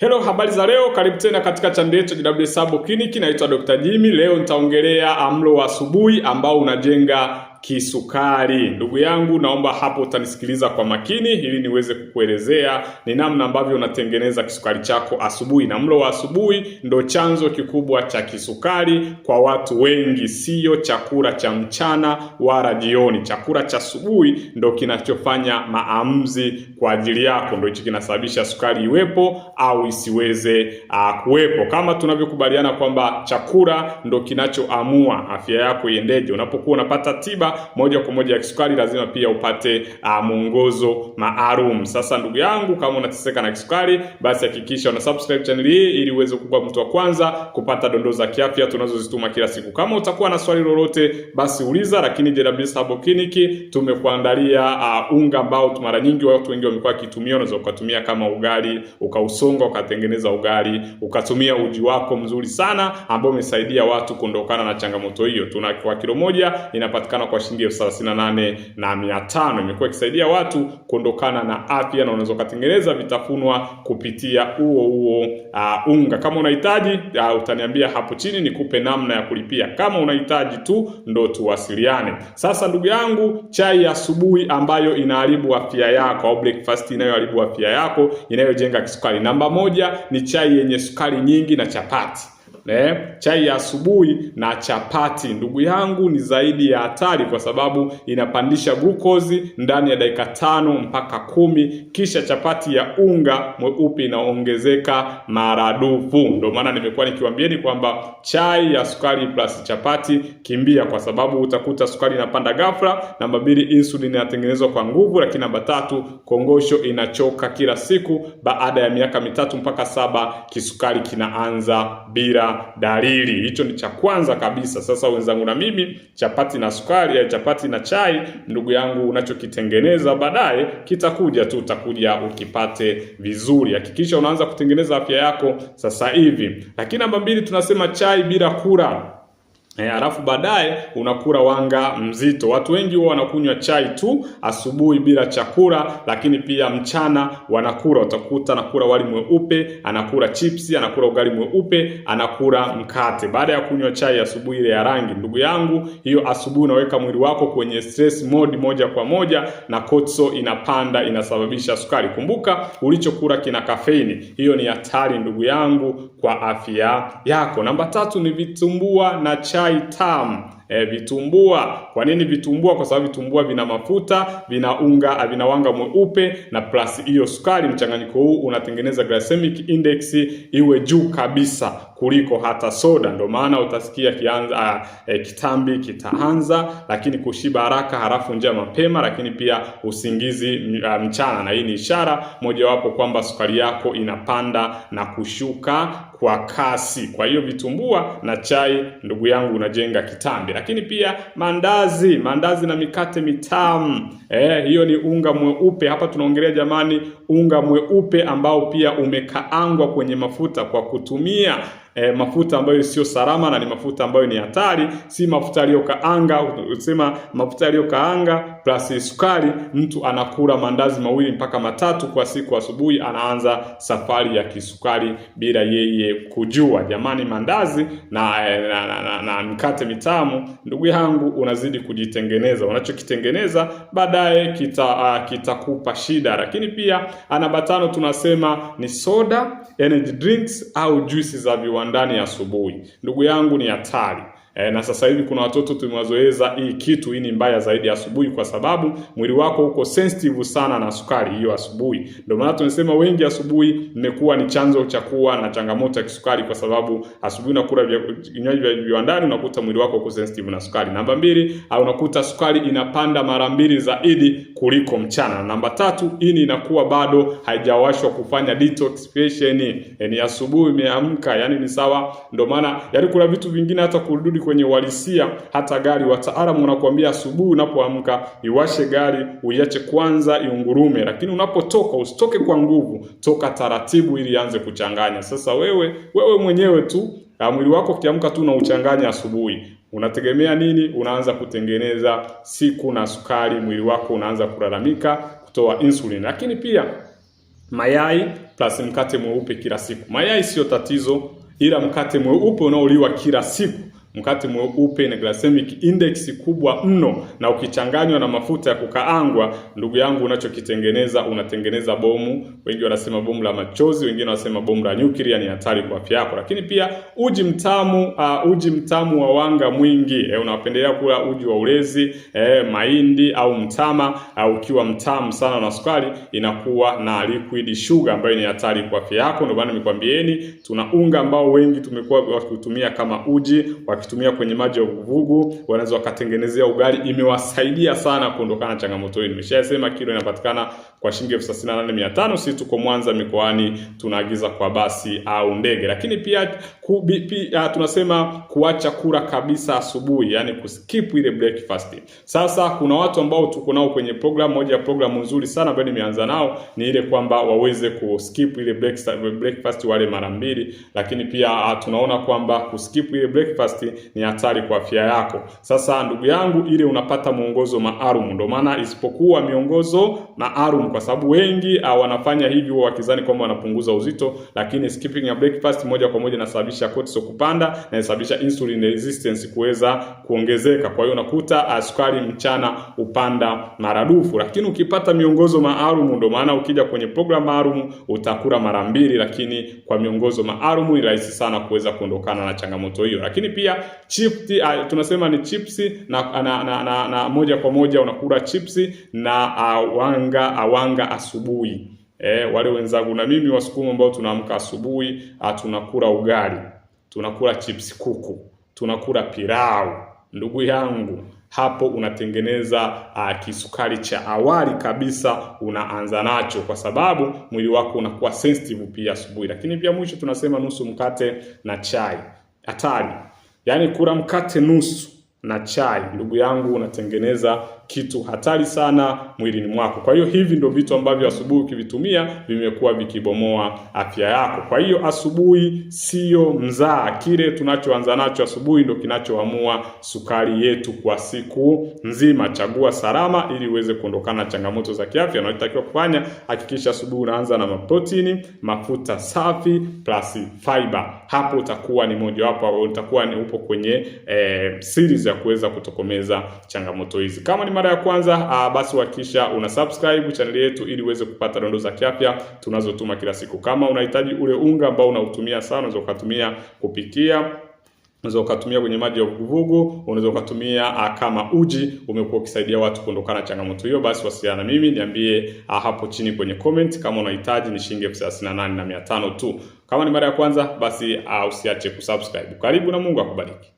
Hello, habari za leo, karibu tena katika chanda yetu JW Sabo Clinic. Naitwa Dr. Jimmy. Leo nitaongelea mlo wa asubuhi ambao unajenga kisukari. Ndugu yangu, naomba hapo utanisikiliza kwa makini ili niweze kukuelezea ni namna ambavyo unatengeneza kisukari chako asubuhi, na mlo wa asubuhi ndo chanzo kikubwa cha kisukari kwa watu wengi, siyo chakula cha mchana wala jioni. Chakula cha asubuhi ndo kinachofanya maamuzi kwa ajili yako, ndo hicho kinasababisha sukari iwepo au isiweze uh, kuwepo, kama tunavyokubaliana kwamba chakula ndo kinachoamua afya yako iendeje. Unapokuwa unapata tiba kuepuka moja kwa moja ya kisukari, lazima pia upate uh, mwongozo maalum. Sasa ndugu yangu, kama unateseka na kisukari, basi hakikisha una subscribe channel hii ili uweze kuwa mtu wa kwanza kupata dondoo za kiafya tunazozituma kila siku. Kama utakuwa na swali lolote, basi uliza, lakini JW Herbal Clinic tumekuandalia uh, unga ambao mara nyingi watu wengi wamekuwa wakitumia. Unaweza ukatumia kama ugali, ukausonga ukatengeneza ugali, ukatumia uji wako mzuri sana ambao umesaidia watu kuondokana na changamoto hiyo. Tuna kwa kilo moja inapatikana kwa kwa shilingi elfu thelathini na nane na mia tano. Imekuwa ikisaidia watu kuondokana na afya, na unaweza ukatengeneza vitafunwa kupitia huo huo uh, unga. Kama unahitaji uh, utaniambia hapo chini nikupe namna ya kulipia. Kama unahitaji tu ndo tuwasiliane. Sasa ndugu yangu, chai ya asubuhi ambayo inaharibu afya yako au breakfast inayoharibu afya yako inayojenga kisukari, namba moja ni chai yenye sukari nyingi na chapati eh, chai ya asubuhi na chapati, ndugu yangu, ni zaidi ya hatari, kwa sababu inapandisha glukozi ndani ya dakika tano mpaka kumi. Kisha chapati ya unga mweupe inaongezeka maradufu. Ndio maana nimekuwa nikiwaambieni kwamba chai ya sukari plus chapati, kimbia, kwa sababu utakuta sukari inapanda ghafla. Namba mbili, insulin inatengenezwa kwa nguvu. Lakini namba tatu, kongosho inachoka kila siku. Baada ya miaka mitatu mpaka saba, kisukari kinaanza bila dalili. Hicho ni cha kwanza kabisa. Sasa wenzangu na mimi, chapati na sukari au chapati na chai, ndugu yangu, unachokitengeneza baadaye kitakuja tu, utakuja ukipate vizuri. Hakikisha unaanza kutengeneza afya yako sasa hivi. Lakini namba mbili tunasema chai bila kura E, alafu baadaye unakula wanga mzito. Watu wengi huwa wanakunywa chai tu asubuhi bila chakula, lakini pia mchana wanakula, utakuta anakula wali mweupe, anakula chipsi, anakula ugali mweupe, anakula mkate baada ya kunywa chai asubuhi ile ya rangi. Ndugu yangu, hiyo asubuhi unaweka mwili wako kwenye stress mode moja kwa moja, na kotso inapanda, inasababisha sukari. Kumbuka ulichokula kina kafeini, hiyo ni hatari ndugu yangu kwa afya yako. Namba tatu ni vitumbua na chai chai tamu e, vitumbua. Kwa nini vitumbua? Kwa sababu vitumbua vina mafuta, vina unga, vina wanga mweupe na plus hiyo sukari. Mchanganyiko huu unatengeneza glycemic index iwe juu kabisa kuliko hata soda. Ndio maana utasikia kianza, e, kitambi kitaanza, lakini kushiba haraka, harafu njaa mapema, lakini pia usingizi mchana, na hii ni ishara mojawapo kwamba sukari yako inapanda na kushuka kwa kasi. Kwa hiyo vitumbua na chai, ndugu yangu, unajenga kitambi. Lakini pia mandazi, mandazi na mikate mitamu eh, hiyo ni unga mweupe. Hapa tunaongelea jamani, unga mweupe ambao pia umekaangwa kwenye mafuta kwa kutumia e, mafuta ambayo sio salama na ni mafuta ambayo ni hatari, si mafuta yaliyokaanga. Usema mafuta yaliyokaanga plus sukari, mtu anakula mandazi mawili mpaka matatu kwa siku. Asubuhi anaanza safari ya kisukari bila yeye kujua. Jamani, mandazi na, eh, na, na, na, na mkate mitamu, ndugu yangu, unazidi kujitengeneza. Unachokitengeneza baadaye kita uh, kitakupa shida. Lakini pia anabatano tunasema ni soda, energy drinks au juisi za viwanda ndani ya asubuhi. Ndugu yangu, ni hatari. E, na sasa hivi kuna watoto tumewazoeza hii kitu. Hii ni mbaya zaidi asubuhi, kwa sababu mwili wako uko sensitive sana na sukari hiyo asubuhi. Ndio maana tunasema wengi asubuhi mmekuwa ni chanzo cha kuwa na changamoto ya kisukari, kwa sababu asubuhi unakula vinywaji vya viwandani, unakuta mwili wako uko sensitive na sukari. Namba mbili, au unakuta sukari inapanda mara mbili zaidi kuliko mchana. Namba tatu, ini inakuwa bado haijawashwa kufanya detoxification. E, ni asubuhi imeamka, yani ni sawa. Ndio maana yani kuna vitu vingine hata kurudi kwenye uhalisia hata gari. Wataalamu wanakuambia asubuhi unapoamka iwashe gari, uiache kwanza iungurume, lakini unapotoka usitoke kwa nguvu, toka taratibu ili anze kuchanganya. Sasa wewe wewe mwenyewe tu ah, mwili wako ukiamka tu unauchanganya asubuhi, unategemea nini? Unaanza kutengeneza siku na sukari, mwili wako unaanza kulalamika kutoa insulin. Lakini pia mayai plus mkate mweupe kila siku. Mayai siyo tatizo, ila mkate mweupe unaoliwa kila siku Mkate mweupe na glycemic index kubwa mno, na ukichanganywa na mafuta ya kukaangwa, ndugu yangu, unachokitengeneza unatengeneza bomu. Wengi wanasema bomu la machozi, wengine wanasema bomu la nyuklia. Ni hatari kwa afya yako. Lakini pia uji mtamu, uh, uji mtamu wa wanga mwingi. E, unawapendelea kula uji wa ulezi e, mahindi au mtama au ukiwa mtamu sana na sukari, inakuwa na liquid sugar ambayo ni hatari kwa afya yako. Ndio maana nimekwambieni tuna unga ambao wengi tumekuwa wakiutumia kama uji wa wanakitumia kwenye maji ya uvugu, wanaweza wakatengenezea ugali. Imewasaidia sana kuondokana na changamoto hii. Nimeshasema kilo inapatikana kwa shilingi elfu thelathini na nane mia tano. Sisi tuko Mwanza mikoani tunaagiza kwa basi au ndege, lakini pia kubipi, ya, tunasema kuacha kula kabisa asubuhi, yani kuskip ile breakfast. Sasa kuna watu ambao tuko nao kwenye program moja, ya program nzuri sana ambayo nimeanza nao ni ile kwamba waweze kuskip ile breakfast wale mara mbili, lakini pia ah, tunaona kwamba kuskip ile breakfast ni hatari kwa afya yako. Sasa ndugu yangu, ile unapata mwongozo maalum, ndio maana isipokuwa miongozo maalum, kwa sababu wengi ah, wanafanya hivyo wakizani kwamba wanapunguza uzito, lakini skipping ya breakfast moja kwa moja inasababisha inasababisha cortisol kupanda na inasababisha insulin resistance kuweza kuongezeka. Kwa hiyo unakuta ah, sukari mchana upanda maradufu, lakini ukipata miongozo maalum, ndio maana ukija kwenye program maalum utakula mara mbili, lakini kwa miongozo maalum ni rahisi sana kuweza kuondokana na changamoto hiyo. Lakini pia chipsi, ah, tunasema ni chipsi na, na, na, na, na moja kwa moja unakula chipsi na awanga ah, awanga asubuhi e, wale wenzangu na mimi Wasukuma ambao tunaamka asubuhi, ah, tunakula ugali, tunakula chips kuku, tunakula pilau. Ndugu yangu, hapo unatengeneza a, ah, kisukari cha awali kabisa, unaanza nacho kwa sababu mwili wako unakuwa sensitive pia asubuhi. Lakini pia mwisho tunasema nusu mkate na chai. Hatari, yaani kula mkate nusu na chai, ndugu yangu, unatengeneza kitu hatari sana mwilini mwako. Kwa hiyo hivi ndio vitu ambavyo asubuhi ukivitumia vimekuwa vikibomoa afya yako. Kwa hiyo asubuhi sio mzaa, kile tunachoanza nacho asubuhi ndio kinachoamua sukari yetu kwa siku nzima. Chagua salama ili uweze kuondokana na changamoto za kiafya. Unachotakiwa kufanya, hakikisha asubuhi unaanza na maprotini, mafuta safi plus fiber. Hapo utakuwa ni mojawapo au utakuwa ni upo kwenye eh, series ya kuweza kutokomeza changamoto hizi. Kama ni mara ya kwanza uh, basi hakikisha una subscribe channel yetu ili uweze kupata dondoo za kiafya tunazotuma kila siku. Kama unahitaji ule unga ambao unautumia sana, unaweza ukatumia kupikia unaweza ukatumia kwenye maji ya vuguvugu, unaweza ukatumia ah, kama uji. Umekuwa ukisaidia watu kuondokana changamoto hiyo, basi wasiliana na mimi, niambie ah, hapo chini kwenye comment kama unahitaji. Ni shilingi elfu thelathini na nane na mia tano tu. Kama ni mara ya kwanza, basi usiache kusubscribe. Karibu na Mungu akubariki.